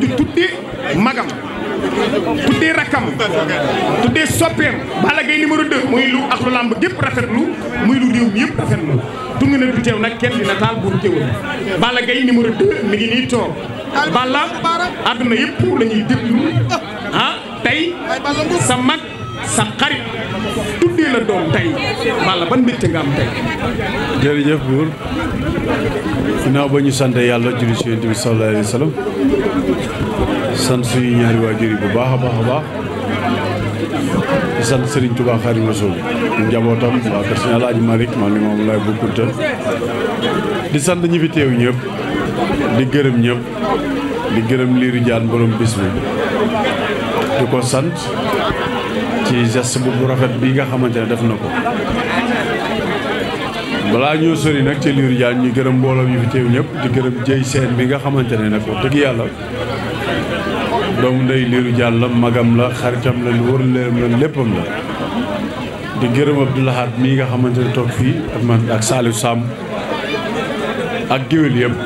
di tuddee magam tuddee rakkam tuddee soppeem Balla Gaye numéro 2 muy lu ak lu làmb gépp rafetlu muy lu réew mi yëpp rafetlu tungu du teew nag kenn di nataal bu teewul Balla Gaye numéro 2 mi ngi nii toog Balla àdduna yëpp la ñuy déglu ah, ah tey sa mag sa xarit tuddee la doom tey Balla ban mbégte nga am tey jërëjëf buur ginnaaw ba ñu sant yàlla julli ci Yonent bi sallallahu alayhi sant suñu ñaari waajur yi bu baax a baax a baax di sant Serigne Touba Xaadimu Rasuul njabootam waa kër Serigne Alaaji Malick maa ngi moom laay bukkunta di sant ñi fi teew ñëpp di gërëm ñëpp di gërëm liiru jaan borom bis bi ko sant ci geste bu rafet bi nga xamante ne def na ko balaa ñoo sori nag ci liiru jaan ñu gërëm mbooloo yi fi teew ñëpp di gërëm jëy seen bi nga xamante ne nag wax yàlla doomu ndey liiru jàlla magam la xaritam la lu wër la léppam la di gërëm Abdou mii nga xamante ne toog fii ak man ak Saliou Samb ak géwél yëpp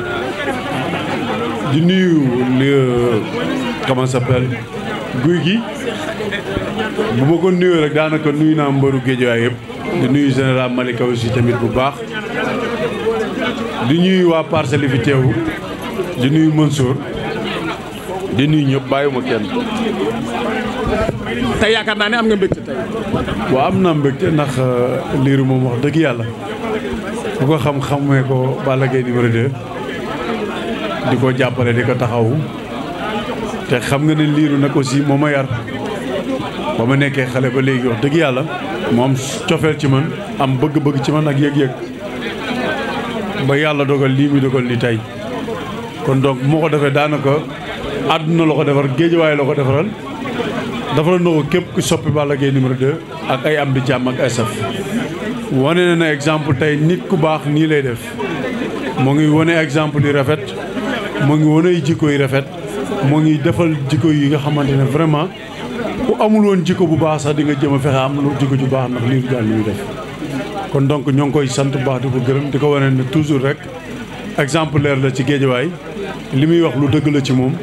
di nuyu li comment guy gi bu ma ko nuyoo rek daanaka nuyu naa mbëru géejawaay yëpp di nuyu général Malika aussi tamit bu baax di nuyu waa Parcelles yi fi teewu di nuyu Mansour di nuyu ñëpp bàyyiwuma kenn. tey yaakaar naa ne am nga mbégte tey. waaw am naa mbégte ndax euh, liiru moom wax dëgg yàlla bu ko xam-xamee ko Balla Gaye numéro di ko jàppale di ko taxawu te xam nga ne liiru nag aussi moo ma yar ba ma nekkee xale ba léegi wax dëgg yàlla moom am cofeel ci man am bëgg-bëgg ci man ak yëg-yëg ba yàlla dogal lii muy dogal ni tey kon donc moo ko defee daanaka. àdduna la ko defar géejawaay la ko defaral defaral na ko képp ku soppi Balla Gaye numéro 2 ak ay am di jàmm ak ay saf wane na ne exemple tey nit ku baax nii lay def moo ngi wane exemple yu rafet mu ngi wane jikko yu rafet mu ngi defal jikko yi nga xamante ne vraiment ku amul woon jikko bu baax sax di nga jëm a fexe am lu jikko ju baax ndax lii daal li muy def kon donc ñoo ngi koy sant bu baax di ko gërëm di ko wane ne toujours rek exemplaire la ci géejawaay li muy wax lu dëgg la ci moom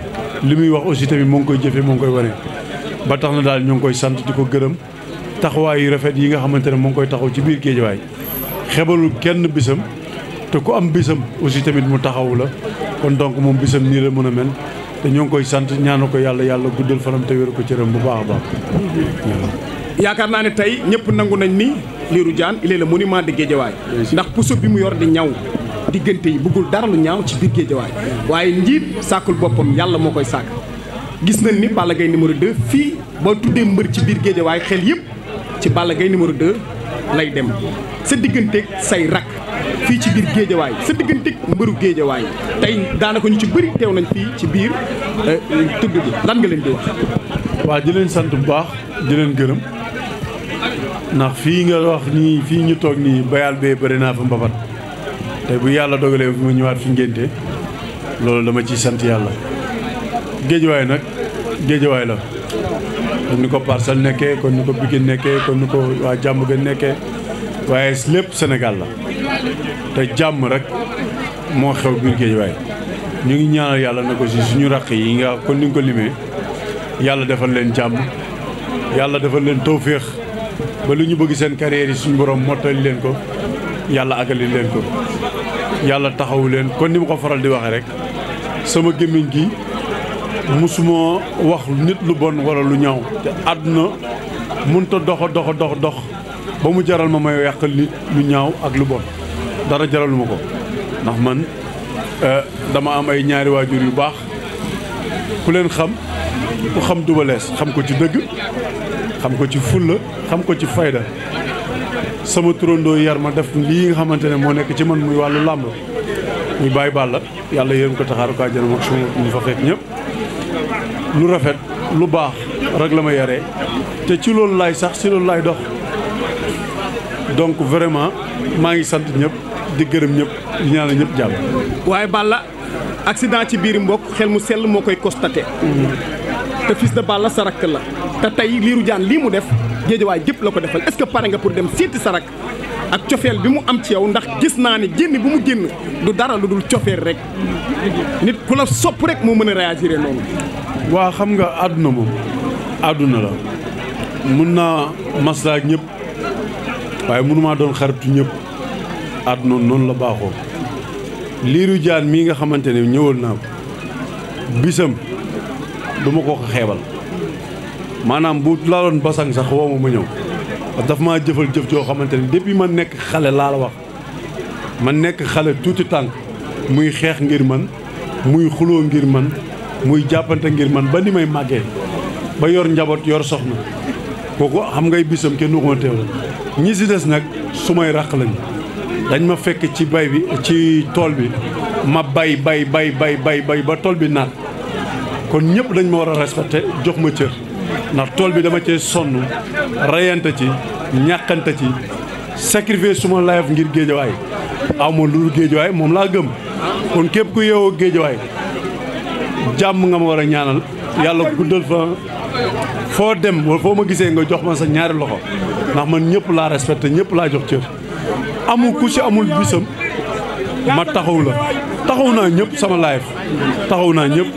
li muy wax aussi tamit mu ngi koy jëfee mu ngi koy wane ba tax na daal ñu ngi koy sant di ko gërëm taxawaayu rafet yi nga xamante ne mu ngi koy taxaw ci biir géejawaay xebalul kenn bisam te ku am bisam aussi tamit mu taxawu la kon donc moom bisam nii la mën a mel te ñoo ngi koy sant ñaanu ko yàlla yàlla guddal fanam te wér ko cëram bu baax a baax. yaakaar naa ne tey ñëpp nangu nañ ni Lirou Diane il est le monument de Guédiawaye ndax puso bi mu yor di ñaw. diggante yi bëggul dara lu ñaaw ci biir géejawaay waaye njiit sàkkul boppam yàlla moo koy sàkk gis nañ ni Balla Gaye numéro 2 fii boo tuddee mbër ci biir géejawaay xel yëpp ci Balla gay numéro 2 lay dem sa digganteeg say rakk fii ci biir géejawaay sa digganteeg mbëru géejawaay tey daanaka ñu ci bëri teew nañ fii ci biir euh, tudd bi lan nga leen di wax. waaw di leen sant bu baax di leen gërëm ndax fii nga wax nii fii ñu toog nii bayal bee bëri naa fa te bu yàlla dogalee mu ñëwaat fi ngénte loolu dama ciy sant yàlla géejawaay nag géejuwaay la kon ni ko Parcelles nekkee kon ni ko Pikine nekkee kon nu ko waa jàmm gën nekkee waaye lépp Sénégal la te jàmm rek moo xew biir géejawaay ñu ngi ñaanal yàlla na ko si suñu raq yi nga kon ni nga ko limee yàlla defal leen jàmm yàlla defal leen tawféex ba lu ñu bëgg seen carrière yi suñu borom mottali leen ko yàlla àggali leen ko yàlla taxawu leen kon ni ma ko faral di waxee rek sama gémmiñ gi musuma wax nit lu bon wala lu ñaaw te àdduna mënta doxa doxa dox dox ba mu jaral ma may yàqal nit lu ñaaw ak lu bon dara jaraluma ko ndax man euh, dama am ay ñaari waajur yu baax ku leen xam ku xam Double xam ko ci dëgg xam ko ci fulla xam ko ci fayda sama turandoo yar ma def lii nga xamante ne moo nekk ci man muy wàllu làmb muy bàyyi bàlla yàlla yërëm ko taxaaru kaa àjjana ak suma ñu fa fekk ñëpp lu rafet lu baax rek la ma yaree te ci loolu laay sax ci loolu laay dox donc vraiment maa ngi sant ñëpp di gërëm ñëpp di ñaanal ñëpp jàll waaye bàlla accident ci biir mbokk xel mu sell moo koy constaté mm. te fils de bàlla sa rakk la te tey liiru jaan lii mu def géejawaay gépp la ko defal est-ce que pare nga pour dem seeti sarak ak cofeel bi mu am ci ndax gis naa ne génn bu mu génn du dara lu dul cofeel rek nit ku la sopp rek moo mën a réagir noonu. waa xam nga àdduna moom àdduna la mun naa maslaa ñépp waaye mënumaa doon xaritu ñëpp àdduna noon la baaxoo liiru jaan mii nga xamante ne ñëwal naa ko bisam duma ko ko xeebal. maanaam bu laaloon basang sax woo ma ma ñëw parce que daf maa jëfal jëf joo xamante ne ni depuis ma nekk xale laa wax ma nekk xale tuuti tànk muy xeex ngir man muy xuloo ngir man muy jàppante ngir man ba ni may màggee ba yor njaboot yor soxna kooku xam ngay bisam kenn du ko teewal ñi si des nag su may raq lañ dañ ma fekk ci bay bi ci tool bi ma bay bay bay bay bay bay ba tool bi naat kon ñëpp dañu ma war a respecté jox ma cër ndax tool bi dama cee sonn reyante ci ñàkkante ci sacrifier suma life ngir géejawaay aw ma lu géejawaay moom laa gëm kon képp ku yeewoo géejawaay jàmm nga ma war a ñaanal yàlla guddal fa foo dem wala foo ma gisee nga jox ma sa ñaari loxo ndax man ñëpp laa respecté ñëpp laa jox cër amu ku ci amul bisam ma taxawu la taxaw naa ñëpp sama live taxaw naa ñëpp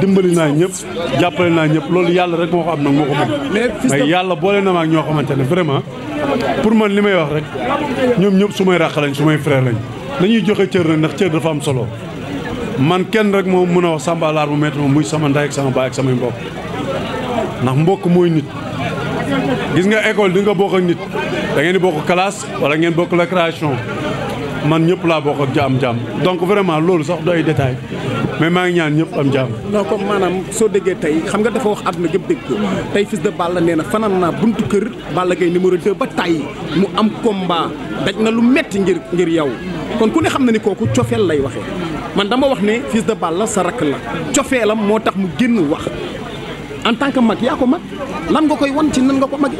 dimbali naa ñëpp jàppale naa ñëpp loolu yàlla rek moo ko am nag moo ko mën mais yàlla boole na ñoo xamante ne vraiment pour man li may wax rek ñoom ñëpp su may ràq lañ su may frère lañ dañuy joxe cër nag ndax cër dafa am solo man kenn rek moom mën a wax Samba Laar muy sama ndey ak sama baay ak samay mbokk ndax mbokk mooy nit gis nga école di nga bokk ak nit da ngeen di bokk classe wala ngeen bokk la création man ñëpp laa boo ko jaam jaam donc vraiment loolu sax doy détail mais maa ngi ñaan ñëpp am jaam. non comme maanaam soo déggee tey xam nga dafa wax àdduna gépp dégg ko tey fils de Balla nee na fanaan naa buntu kër Balla Gaye numéro 2 ba tàyyi mu am combat daj na lu metti ngir ngir yow kon ku ne xam na ni kooku cofeel lay waxee man dama wax ne fils de Balla sa rakk la cofeelam moo tax mu génn wax. en tant que mag yaa ko mag lan nga koy wan ci nan nga ko mag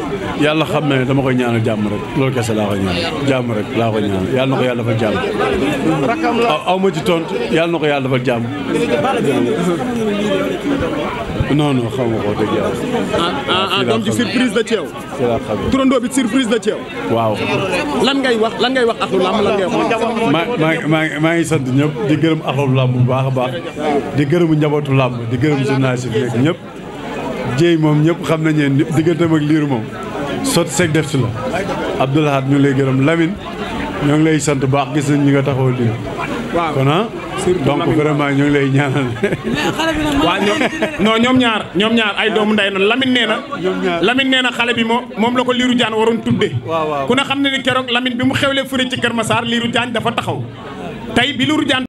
yàlla xam ne dama koy ñaanal jàmm rek loolu kese laa koy ñaan jàmm rek laa koy ñaan yàlla na ko yàlla defal jàmm aw ma ci tont yàlla na ko yàlla defal jàmm non non xam nga ko dëgg yàlla ah ah, ah donc surprise lan ngay wax lan ngay maa ngi sant ñëpp di gërëm axlu làmb bu baax a baax di gërëm njabootu làmb di gërëm journaliste bi nekk ñëpp jéy moom ñëpp xam nañu ne digganteem ak liiru moom sot seeg def si la Abdoulahat ñu ngi lay gërëm lamin ñoo ngi lay sant baax gis nañ ñi nga taxaw lii. waaw kon ah. donc vraiment ñu ngi lay ñaanal. waaw ñoom noo ñoom ñaar ñoom ñaar ay doomu nday noonu Lamine nee na. Lamine nee na xale bi moo moom la ko Lirou jaan waroon tudde ku ne xam ne ni keroog Lamine bi mu xewlee fure ci Kër ma saar liiru Diane dafa taxaw tey bi Lirou Diane